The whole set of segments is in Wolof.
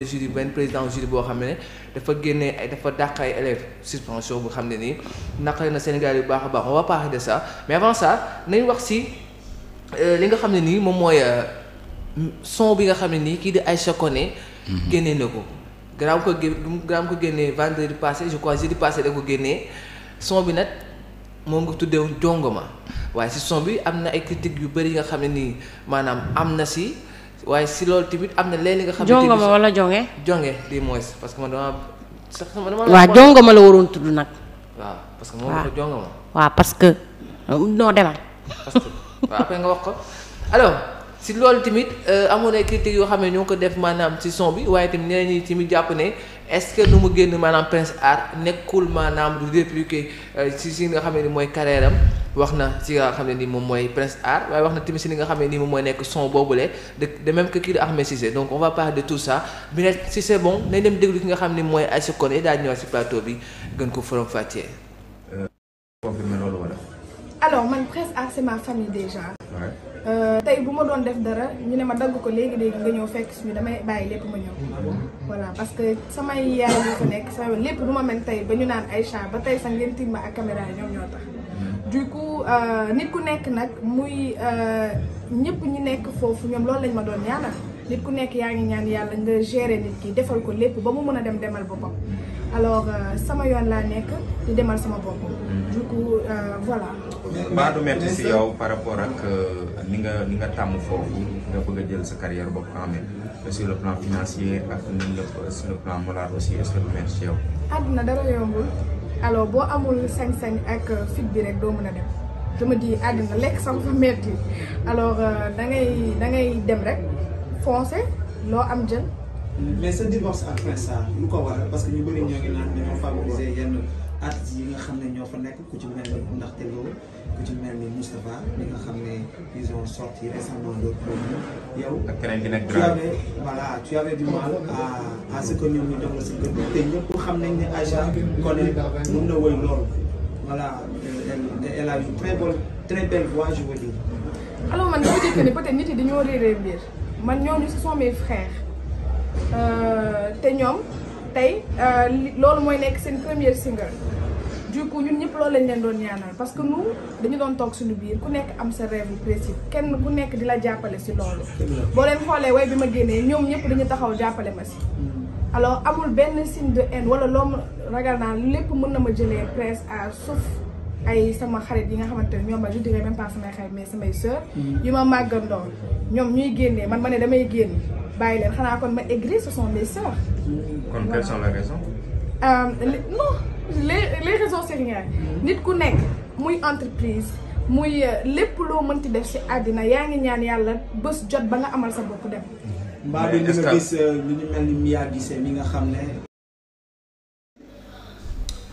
jury benn président jury boo xam ne dafa génne ay dafa dàq ay élèves suspension bu xam ne nii naqari na Sénégal yu baax a baax on va parler de sa mais avant ça nañ wax si euh, li nga xam ne nii moom mooy euh, son bi nga xam ne nii kii di ay Aïcha Koné mhm. génnee na ko gannaaw ko gannaaw ko génnee vendredi passé je crois jeudi passé da ko génnee son bi nag moo moom tuddee tuddeewoon jongoma waaye si son bi am na ay critiques yu bëri nga xam ne nii maanaam am na si waaye si loolu tamit am na léeg-léeg nga xam ne jongoma wala jonge jonge di moins parce que man dama sax ma dama waaw jongama la waroon tudd nag waaw parce que moom la ko jongoma waaw parce que noo demal parce que waaw nga wax ko alors si loolu tamit euh, amoon ay critiques yoo xam ne ñoo ko def maanaam ci son bi waaye tamit ñeneen ñi tamit jàpp ne est-ce que nu mu génn maanaam Prince Art nekkul maanaam du répliquer euh, si si nga xam ne ni mooy carrière wax na si moom mooy Prince Art waaye wax na tamit son boobule de de même que nga xam ne mooy Aïssa Koné daal ñëwaat si plateau bi gën ko forom fàccee. alors man Prince Art c'est ma famille déjà. Euh, tey bu ma doon def dara ñu ne ma dagg ko léegi léegi nga ñëw fekk suñu damay bàyyi lépp ma ñëw. voilà parce que samay yaay yu fa nekk sama lépp lu ma mel tey ba ñu naan Aïcha ba tey sax ngeen tiim ak caméra ñoom ñoo tax Euh, nit ku nekk nag muy euh, ñëpp ñu nekk foofu ñoom loolu lañ ma doon ñaanal nit ku nekk yaa ngi ñaan yàlla nga gérer nit ki defal ko lépp ba mu mën a dem demal boppam alors euh, sama yoon laa nekk di demal sama bopp du coup du metti si yow par rapport ak ni nga ni nga tàmm foofu nga bëgg a jël sa carrière bopp en si sur le plan financier ak ni nga sur le plan moral aussi est si yow. boo amul sañ ak fit bi rek doo mën a dem. je me dis àddina lekk sa fa metti alors euh, da ngay da ngay dem rek foncer loo am jël. mais sa divorce ak ça lu ko waral parce que ñu bëri ñoo ngi naan dañoo favoriser yenn artistes yi nga xam ne ñoo fa nekk ku ci mel ni Ndaxte Lo ku ci mel ni Moustapha li nga xam ne ils ont sorti récemment leur produit yow. ak keneen ki nekk grand voilà tu avais du mal à à ce que ñoom ñu dem la si kër te ñëpp xam nañ ne Aja Kone mën na woy loolu. voilà elle, elle a une très bonne très belle voix je veux dire. alors man dama jëkk ne peut-être nit yi dañoo réeree mbir man ñooñu ce sont mes frères euh, te ñoom tey euh, loolu mooy nekk seen première single du coup ñun ñëpp loolu lañ leen doon ñaanal parce que nous dañu doon toog suñu biir ku nekk am sa rêve précis kenn ku nekk di la jàppale si loolu. boo leen xoolee way bi ma génnee ñoom ñëpp dañu taxaw jàppale ma si. Mm. alors amul benn signe de haine wala loo ragal naa lépp mën na ma jëlee presse à suuf ay sama xarit yi nga xamante ne ñoom ma je dirais même pas samay xarit mais samay sœur mm-hmm. yu ma màggandoo ñoom ñuy génnee man ma ne damay génn bàyyi leen xanaa kon ma aigri ce sont mes mm-hmm. kon quelles sont les raisons euh, non les les raisons mm-hmm. nit ku nekk muy entreprise muy euh, lépp loo mënti def si àddina yaa ngi ñaan yàlla bés jot ba nga amal sa bopp dem mbaa du ñu nga gis euh, lu ñu mel ni Mia Guissé mi nga xam ne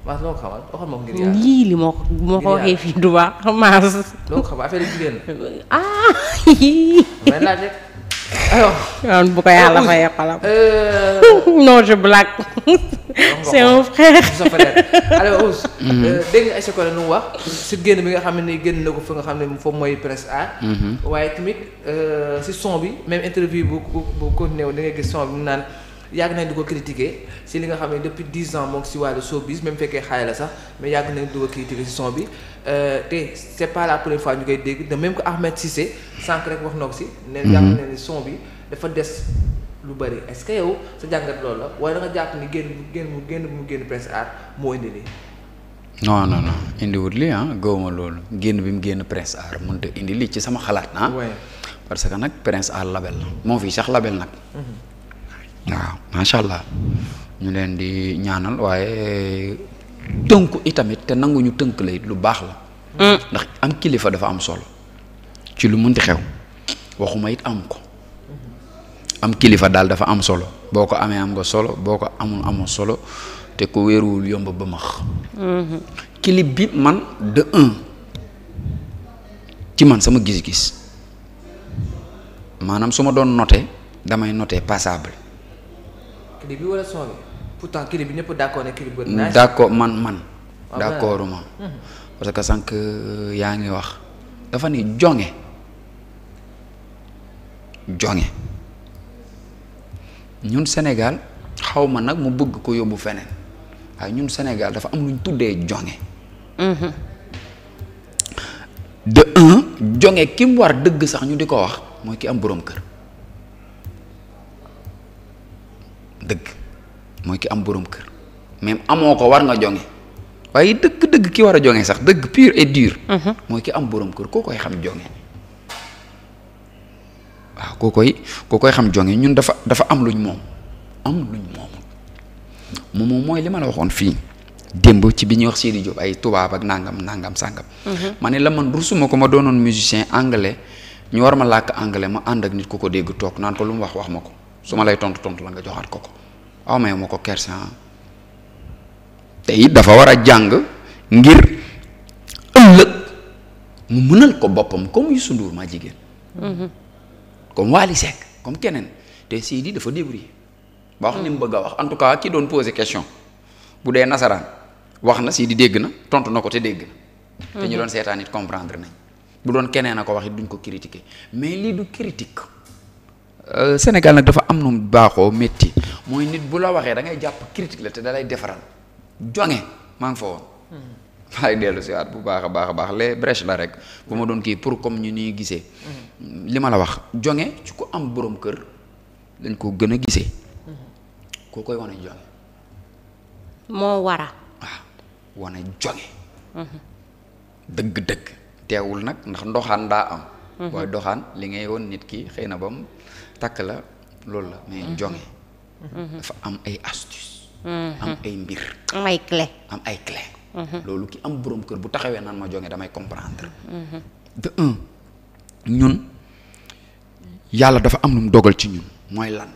waaw loo ko xamal waxal ma ko ngir yàlla lii li moo ko moo ko waxee fii du baax maas. la. ah. may laaj ko yàlla fayee euh. non je blague. c'est mon frère. sa frère alors Ousse. dégg nga Aïssa Collé si génn bi nga xam ne génn na ko fa nga xam ne fo mooy presse A. Mm-hmm. waaye tamit euh, si son bi même interview bu bu bu continué wu da ngay son bi mu naan. yàgg nañ di ko critiquer si li nga xam ne depuis dix ans moom si wàllu showbiz même fekkee xaay la sax mais yàgg nañ di ko critiquer si son bi euh, te c'est pas la première ñu koy dégg de ko que Ahmed se sànq rek wax na si. ne mhm. jàpp na ne son bi dafa des lu bëri est-ce que yow sa jàngat loolu la wala da jàpp ni génn génn mu génn mu génn Prince Art moo indi lii. non non non ah. génn bi mu génn Prince Art mënut a indi lii ci sama xalaat ah. parce que nag Prince Art label la moo fi sax label nag. Mhm. waaw macha allah ñu leen di ñaanal waaye tënku itamit te nanguñu tënk lay lu baax la. Hmm. ndax am kilifa dafa am solo. ci lu munti xew waxuma it am ko. am kilifa daal dafa am solo boo ko amee am nga solo boo ko amul amoo solo te ko wéeruwul yomb ba max. Hmm. kilib bi man de un ci man sama gis-gis maanaam su ma doon notee damay noté passable. clip bi wala bi ñëpp d'accord ne clip bi man man. Ah, d'accord mhm. parce que sànq euh, yaa ngi wax dafa ni jonge jonge ñun Sénégal xaw ma nag mu bëgg ko yóbbu feneen waaye ñun Sénégal dafa am lu ñu tuddee jonge mhm. de un jonge ki war dëgg sax ñu di ko wax mooy ki am boroom kër. dëgg mooy ki am boroom kër même amoo ko war nga jonge waaye dëgg-dëgg ki war a jonge sax dëgg pur et dur mhm. mooy ki am boroom kër koo koy xam jonge waaw koy xam jonge ñun dafa dafa am luñ moom am luñ moomul moomu mooy li ma la waxoon fii démb ci bi ñuy wax Sidi Diop ay tubaab ak nangam nangam sàngam mhm. ma ne la man rusuma ko ma doonoon musicien anglais ñu war ma làkk anglais ma ànd ak nit ku ko dégg toog naan ko lu mu wax wax ma ko su ma lay tontu tontu la nga awmeew moo ko kersa te it dafa war a jàng ngir ëllëg mu mënal ko boppam comme Youssou Ndour maa jigéen mhm. comme Wally Seck comme keneen te Sidi dafa débrouillé ba wax ni mu bëgg a wax en tout cas ki doon poser question bu dee nasaraan wax na di dégg na tontu na ko te dégg na te ñu mhm. doon seetaan it comprendre nañ bu doon keneen a ko wax it duñ ko critiquer mais lii du critique euh, Sénégal nag dafa am nu baaxoo métti mooy nit bu la waxee da ngay jàpp critique la te da lay defaral jonge maa ngi fa woon maay dellu si waat bu baax a baax a baax les brèches la rek bu ma doon kii pour comme ñu ñuy gisee li ma la wax jonge ci ku am boroom kër dañ ko gën a gisee koo koy wane jonge moo wara waaw wane jonge dëgg-dëgg teewul nag ndax ndoxaan daa am mhm. booy doxaan li ngay woon nit ki xëy na ba mu takk la loolu la mais mhm. jonge Mm-hmm. dafa am ay astuce mm-hmm. am ay mbir. am ay clé am ay clé. Mm-hmm. loolu ki am boroom kër bu taxawee naan ma jonge damay comprendre. de un ñun yàlla dafa am lu mu dogal ci ñun mooy lan.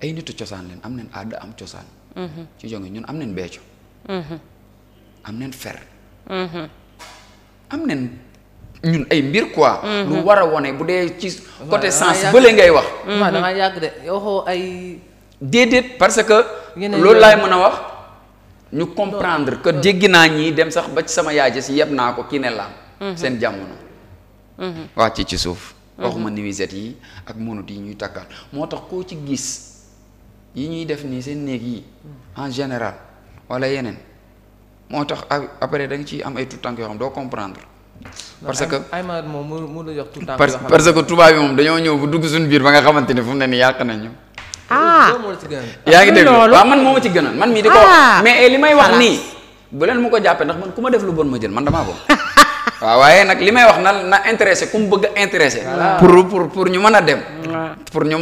ay nitu cosaan leen am neen aada am cosaan. ci jonge ñun am neen becco. am neen fer. am neen. ñun ay mbir quoi. Mhm. lu war a wone bu dee ci côté sens bële ngay wax. waaw da ngaa yàgg de yow ay. déedéet parce que. loolu laay mën a wax. ñu comprendre que jéggi naa ñii dem sax ba ci sama yaay si yeb naa ko ki ne laam. Mhm. seen jamono. Mhm. wàcc ci suuf. waxuma nuisette yi ak mënut yi ñuy takkaat moo tax koo ci gis yi ñuy def nii seen néeg yi en général wala yeneen moo tax après da nga ci am ay tout tànk yoo xam doo comprendre. parce que Aymar moom mu la jox tout le temps parce que tubaab yi moom dañoo ñëw bu dugg suñu biir ba nga xamante ne fu mu ne nii yàq nañu. ah yaa ngi dégg waaw man moo ma ci gënal man mii di ko ah. mais eh, li may wax nii bu leen mu ko jàppe ndax man ku ma def lu bon ma jël man damaa bon waaw waaye nag li may wax na na intéressé ku mu bëgg a intéressé pour pour pour ñu mën a dem pour ñu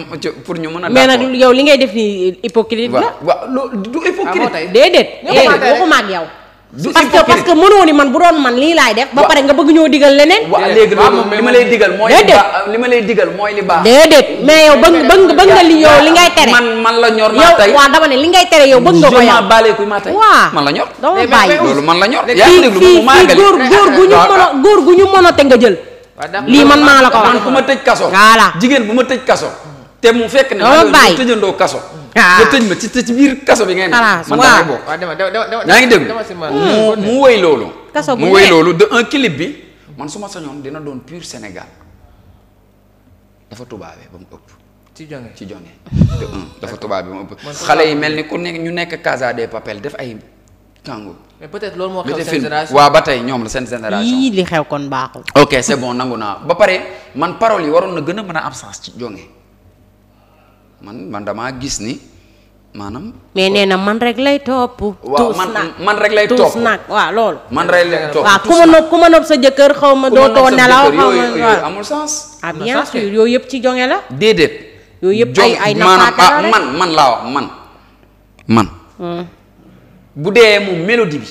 pour ñu mën a mais nag yow li ngay def nii hypocrite la waaw lu du hypocrite ah, déedéet waxuma maak yow du parce que parce que man bu doon man lii laay def. ba pare nga bëgg ñoo digal leneen. léegi loolu li ma lay digal. mooy li baax li ma lay digal mooy li baax. déedéet mais yow bëgg bëgg bëgg nga li yow li ngay tere. man la ñor maa tey yow li ngay tere yow bëgg nga ko yow. waaw man la ñor. dama bàyyi man la ñor. yaa ngi déglu fii fii góor góor gu ñu mën góor gu ñu mën a te nga jël. lii man maa la ko man ku ma tëj kaso. voilà jigéen bu ma tëj kaso. te mu fekk ne ma tëjandoo kaso nga ah. tëj ah, ah, ma ci ci biir kaso bi ngay ne. man damay bokk yaa ngi dégg mu mu wéy loolu. kaso bu loolu de un clip bi man su ma sañoon dina doon pur Sénégal dafa tubaabee ba mu ëpp. ci jonge ci jonge de un dafa tubaab bi mu xale yi mel ni ku nekk ñu nekk Casa de Papel def ay kàngu. mais eh, peut-être loolu moo xew seen génération waaw ba tey ñoom la seen génération. yii li xew kon baaxul. ok c'est bon nangu naa ba pare man parole yi waroon na gën a mën a am sens ci jonge man man damaa gis ni maanaam. mais nee na man rek lay topp. waaw man man rek lay topp tuus nag waaw man rek lay topp ku ma nopp ku ma nopp sa jëkkër xaw ma dootoo nelaw. xaw amul sens. Ah, yooyu yëpp ci jonge la. déedéet. yooyu yëpp ay ay nafaata ah, man man laa wax man man. Hmm. bu dee moom mélodie bi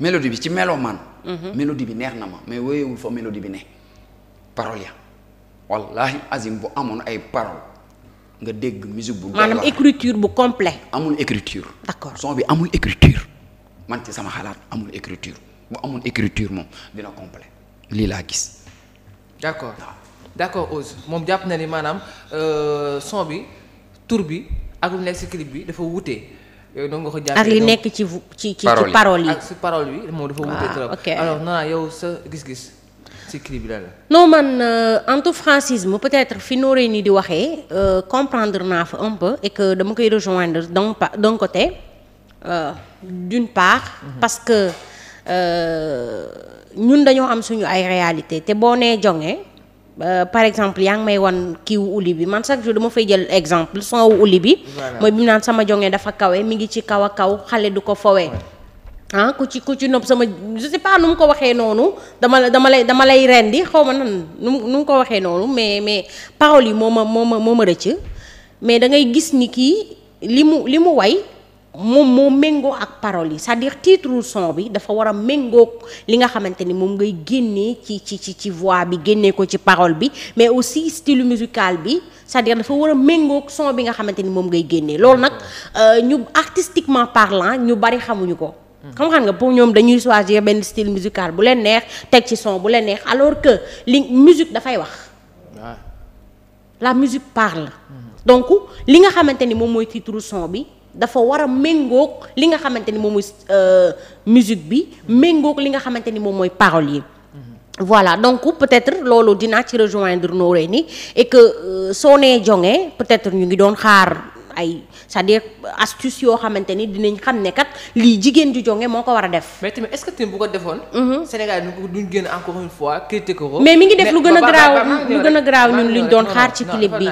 mélodie bi ci melo man. Mhm. mélodie bi neex na ma mais wéyewul fa mélodie bi ne. parole ya wallaahi azim bu amoon ay parole nga dégg musique bu. maanaam écriture bu complet amul écriture. d'accord son bi amul écriture man ci sama xalaat amul écriture bu amul écriture moom dina complet lii laa gis. d'accord d'accord Ouz moom jàpp na ni maanaam euh, son bi tur bi ak mu nekk ci clip bi dafa wute. yooyu noonu nga ko jàppee ak nekk ci ci ci paroles yi ak ci paroles yi moom dafa wute trop alors non yow sa gis-gis. ci tribunal non man antou euh, francisme peut-être fi nooree nii di waxee euh, comprendre naa fa un peu et que dama koy rejoindre d'un d'un côté euh, d'une part mhm. parce que euh, ñun dañoo am suñu ay réalité te boo nee joŋee par exemple yaa ngi may wan kiiwu uli bi man chaque jour dama fay jël exemple son wu uli bi mooy bi naan sama joŋee dafa kawe mi ngi ci kaw a kaw xale du ko fowee ah ku ci ku ci nopp sama je sais pas nu mu ko waxee noonu dama la dama lay dama lay rendi xaw ma nan nu mu ko waxee noonu mais mais paroles yi moo ma moo ma moo ma rëcc mais da ngay gis ni kii li mu li mu way moom moo méngoo ak paroles yi c'est-à-dire son bi dafa war a méngoo li nga xamante ni moom ngay génnee ci ci ci ci voix bi génnee ko ci parole bi mais aussi style musical bi c'est-à-dire dafa war son bi nga xamante ni moom ngay génnee loolu nag euh, ñu artistiquement parlant ñu bari xamuñu ko. xam-xam mm-hmm. nga pour ñoom dañuy choisir benn style musical bu leen neex teg ci son bu leen neex alors que li musique dafay wax la musique parle mm-hmm. donc li nga xamante ni moom mooy titre bi dafa war a méngoog li nga xamante ni moom mooy euh, musique bi mm-hmm. méngoog li nga xamante ni moom mooy paroles yi voilà donc peut-être loolu dinaa ci rejoindre Noreyni et que euh, soo nee jongee peut-être ñu ngi doon xaar ay cest dire astuce yoo xamante ni dinañ xam ne kat lii jigéen ju jonge moo ko war a def. mais tamit bu ko defoon. Mhm. Sénégal duñ génn encore une fois mais mi ngi def lu gën a garaaw lu gën a garaaw ñun liñ doon xaar ci clip bi.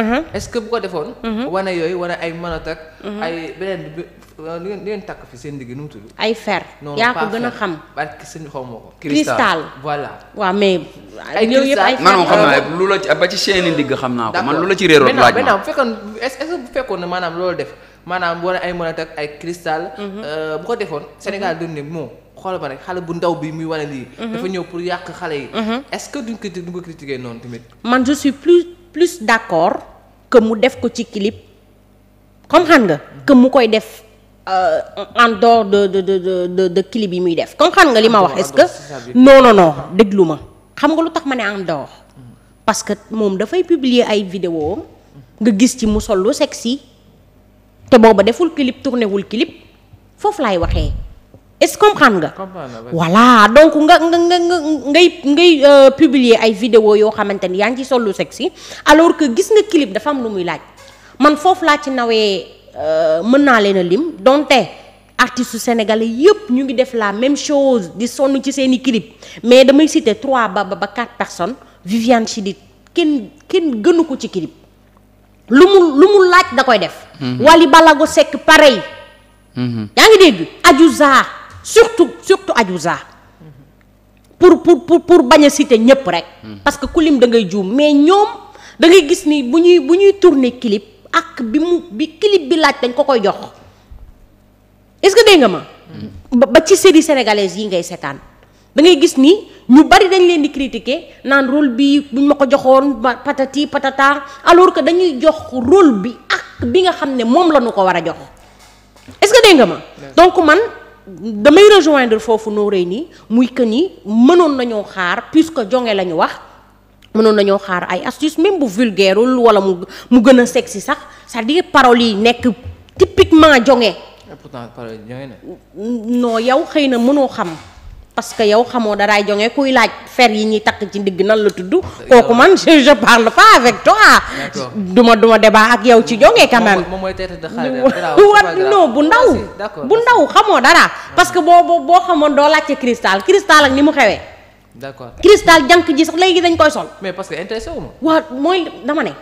Mhm. est bu ko defoon. Mhm. wane yooyu wane ay manotak ay beneen bi. lu ngeen lu ngeen takk fi seen digg nu mu tudd. ay fer yaa ko gën a xam. barke sëñ xaw ma ko. cristal waaw mais. ay cristal yëpp ay fer man moom xam naa lu la ba ci seen i ndigg xam naa ko man lu la def maanaam war ay mën a takk ay cristal. Mhm. Euh, bu ko defoon Sénégal mhm. doon ne moo. xool ba rek xale bu ndaw bi muy wane lii. Mhm. dafa ñëw pour yàq xale yi. est-ce que duñ ko duñ ko critiquer noonu tamit. man je plus plus d'accord que def ko ci clip comme xam nga que mu koy def. Euh, en dehors de de de de de clip yi muy def comprendre nga li ma wax est-ce que non non non déglu ma xam nga lu tax ma ne en dehors parce que moom dafay publier ay vidéo nga gis ci mu sol lu sexy te booba deful clip tourné wul foofu laay waxee est-ce que nga. voilà nga nga ngay ngay euh, publier ay vidéo yoo xamante ni yaa ngi ci sol lu sexy alors que gis nga clip dafa am lu muy laaj man foofu laa ci nawee. Euh, mën naa leen lim donte artistes sénégalais yëpp ñu ngi def la même chose di sonn ci seeni i mais damay citer trois ba ba quatre personnes Viviane Chidid kenn kenn gënu ko ci clip lu mu lu mu laaj da koy def. Mhm. Wally Ballago Seck pareil. Mhm. yaa ngi dégg Adiouza surtout surtout Adiouza. pour pour pour pour bañ a citer ñëpp rek. Mhm. parce que ku lim da ngay juum mais ñoom da ngay gis ni bu ñuy bu ñuy tourner clip. ak bi mu bi clip bi laaj dañ ko koy jox est-ce que dégg nga ma. ba ci série sénégalaise yi ngay seetaan da ngay gis ni ñu bari dañ leen di critiquer naan rôle bi buñ ma ko joxoon patati patata alors que dañuy jox rôle bi ak bi nga xam ne moom la ñu ko war a jox est-ce que dégg nga ma. donc man damay rejoindre foofu noo rëy nii muy que ni mënoon nañoo xaar puisque jonge la ñu wax. mënoon nañoo xaar ay astuce même bu vulgaireul wala mu mu gën a sexy sax sa à dire paroles yi nekk typiquement jonge pourtant paroles yow xëy na mënoo xam. parce que yow xamoo daraay jonge kuy laaj fer yi ñuy takk ci ndigg nan la tudd kooku man je je parle pas avec toi duma duma débat ak yow ci jonge quand même wat non bu ndaw ah, bu ndaw xamoo dara parce que boo boo boo xamoon doo laajte cristal cristal ak ni mu xewee d'accord cristal jànk ji sax léegi dañ koy sol. mais parce que intéressé waaw mooy dama ne.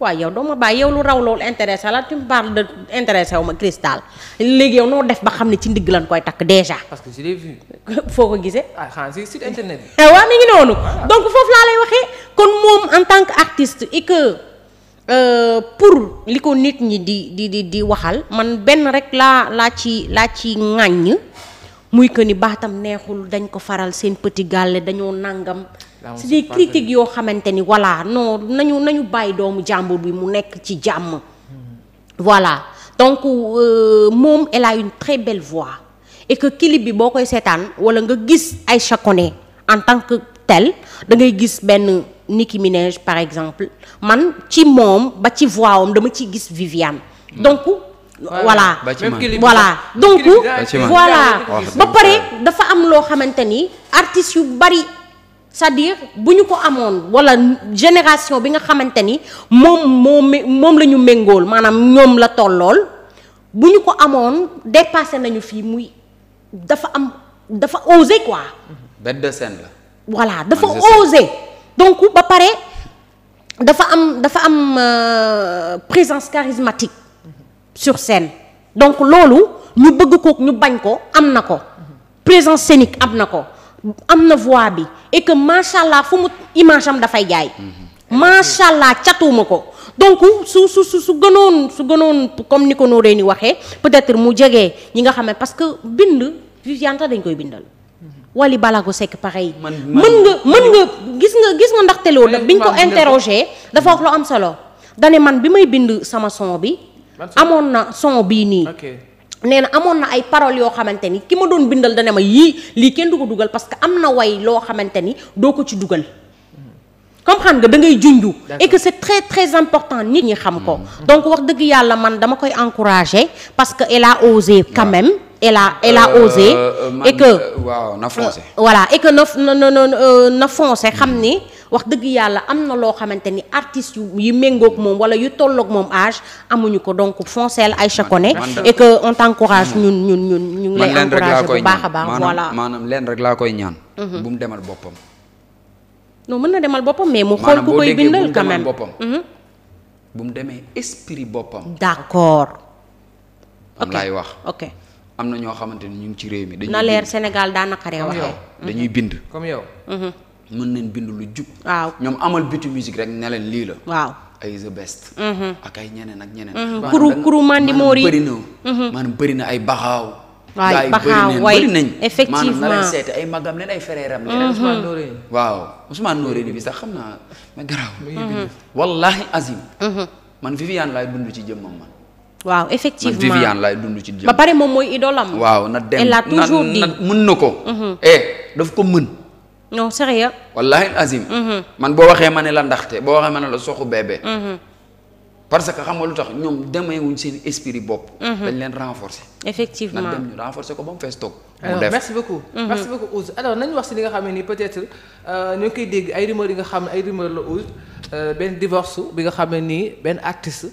waaw yow doo ma bàyyi yow lu raw loolu intéressé la tu me parles de intéressé wu ma cristal léegi yow noo def ba xam ne ci ndigg lan koy takk déjà. parce que je l'ai foo ko gisee. ah xanaa si site internet bi. Eh, waaw mi ngi foofu laa lay waxee. kon moom en tant que artiste et que. Euh, pour li ko nit ñi di di di di waxal man benn rek laa laa ci laa ci ŋàññ muy que ni baatam neexul dañ ko faral seen petit gàlle dañoo nangam. c'est des critiques yoo xamante ni voilà non nañu nañu bàyyi doomu jàmbur bi mu nekk ci jàmm. voilà donc euh, moom elle a une très belle voix et que clip bi boo koy seetaan wala nga gis Aïcha Koné en tant que telle dangay gis benn Nicki par exemple man ci moom ba ci voix am dama ci gis Viviane. Hmm. donc voilà voilà donc voilà ba pare dafa am loo xamante ni artistes yu bari c'est-à-dire bu ñu ko amoon wala génération bi nga xamante ni moom moo moom la ñu méngool maanaam ñoom la tollool bu ñu ko amoon dépassé nañu fii muy dafa am dafa osé quoi. bête de scène voilà dafa osé. donc ba pare dafa am dafa am euh, présence charismatique. sur scène donc loolu ñu bëgg kook ñu bañ ko am na ko présence scénique am na ko am na voix bi et que macha allah fu mu image am dafay jaay. Mm-hmm. macha allah catuuma ko donc su su su su gënoon su gënoon comme ni ko nooree ni waxee peut-être mu jege ñi nga xam ne parce que bind Viviane sax dañ koy bindal. Mm-hmm. Wally Ballago Seck pareil. mën nga mën nga gis nga gis nga ndaxte loolu. nag bi ñu ko interroger dafa wax lu am solo. dane man bi may bind sama son bi. amoon na son bii nii. nee na amoon na ay paroles yoo xamante ni ki ma doon bindal dana ma yii lii kenn du ko dugal parce que am na way loo xamante ni doo ko ci dugal. comprendre nga da ngay junju et que c'est très très important nit ñi xam ko mm-hmm. donc wax dëgg yàlla man dama koy encourager parce que elle a osé quand même elle a elle a euh, euh, et que euh, waaw na foncé voilà et que na na na na foncé xam ni mm-hmm. wax dëgg yàlla am na loo xamante ni artistes yu yu méngoog moom wala yu tolloog moom âge amuñu ko donc foncel Aïcha Koné et que on t'encourage hmm. ñun ñun ñun ñu ngi lay encouragé bu baax a baax voilà maanaam leen rek laa koy ñaan mhm. bu mu demal boppam noo mën na demal boppam mais mu xool ku koy bindal quand mhm. bu mu demee esprit boppam d'accord am laay wax ok am na ñoo xamante ni ñu ngi ci réew mi dañuy leer Sénégal daa bind mun nañ bind lu jub. waaw ñoom amal bitu musique rek ne lii la. waaw ay the best. Mhm. ak ay ñeneen ak ñeneen. Mhm. kuru kuru mandimoori maanaam bëri na. Mhm. maanaam bëri na ay baxaaw. waay baxaaw waay effectivement ay magam leen ay fereeram leen. Ousmane Nouré. waaw Ousmane Nouré bi sax xam naa mais garaaw. wallahi azim. man Viviane laay dund ci jëmmam man. waaw effectivement dund ci jëmm. moom mooy idolam. waaw na dem na na mën na ko. eh daf ko mën. non sérieux. wallaahi azim. Mm-hmm. man boo waxee ma ne la ndaxte boo waxee ma ne la soxu bébé. Mm-hmm. parce que xam nga lu tax ñoom demeewuñ seen esprit bopp. Mm-hmm. dañ leen renforcer. effectivement na dem ñu renforcer ko ba mu fees toog. mu def merci beaucoup. merci beaucoup Ouze alors nañu wax si li nga xam ne nii peut-être euh, ñu koy dégg ay rumeurs yi nga xam ne ay rumeurs la Ouze euh, benn divorce bi nga xam ne nii benn artiste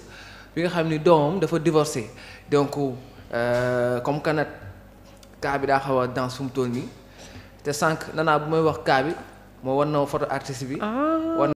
bi nga xam ni doomam dafa divorcé donc euh, comme kanat cas bi daa xaw a dans su mu te sànq nanaa bu may wax kaa bi moo wan na ma photo artiste bi. Ah.